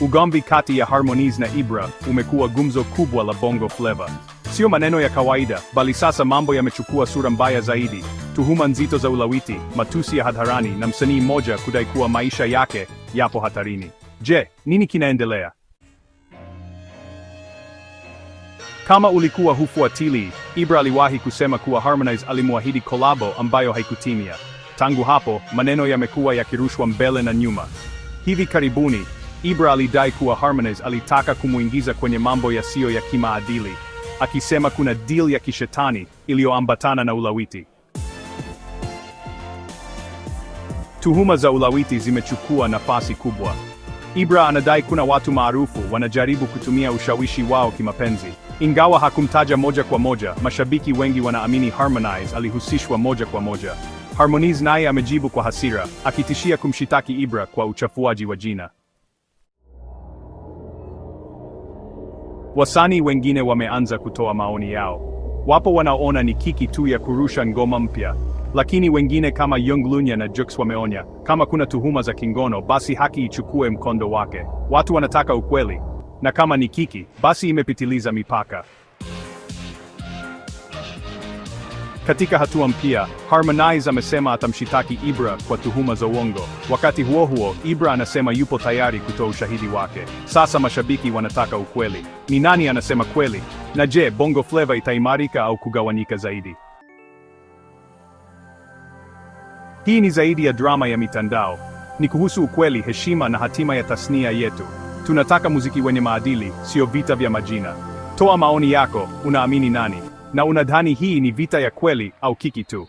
Ugomvi kati ya Harmonize na Ibra umekuwa gumzo kubwa la Bongo fleva Sio maneno ya kawaida, bali sasa mambo yamechukua sura mbaya zaidi. Tuhuma nzito za ulawiti, matusi ya hadharani na msanii mmoja kudai kuwa maisha yake yapo hatarini. Je, nini kinaendelea? Kama ulikuwa hufuatili, Ibra aliwahi kusema kuwa Harmonize alimwahidi kolabo ambayo haikutimia. Tangu hapo, maneno yamekuwa yakirushwa mbele na nyuma. Hivi karibuni, Ibra alidai kuwa Harmonize alitaka kumuingiza kwenye mambo yasiyo ya kimaadili, akisema kuna deal ya kishetani iliyoambatana na ulawiti. Tuhuma za ulawiti zimechukua nafasi kubwa. Ibra anadai kuna watu maarufu wanajaribu kutumia ushawishi wao kimapenzi. Ingawa hakumtaja moja kwa moja, mashabiki wengi wanaamini Harmonize alihusishwa moja kwa moja. Harmonize naye amejibu kwa hasira, akitishia kumshitaki Ibra kwa uchafuaji wa jina. Wasanii wengine wameanza kutoa maoni yao. Wapo wanaona ni kiki tu ya kurusha ngoma mpya, lakini wengine kama Young Lunya na Jux wameonya, kama kuna tuhuma za kingono basi haki ichukue mkondo wake. Watu wanataka ukweli, na kama ni kiki basi imepitiliza mipaka. Katika hatua mpya, Harmonize amesema atamshitaki Ibra kwa tuhuma za uongo. Wakati huo huo, Ibra anasema yupo tayari kutoa ushahidi wake. Sasa mashabiki wanataka ukweli. Ni nani anasema kweli? Na je, Bongo Flava itaimarika au kugawanyika zaidi? Hii ni zaidi ya drama ya mitandao. Ni kuhusu ukweli, heshima na hatima ya tasnia yetu. Tunataka muziki wenye maadili, sio vita vya majina. Toa maoni yako, unaamini nani? na unadhani hii ni vita ya kweli au kiki tu?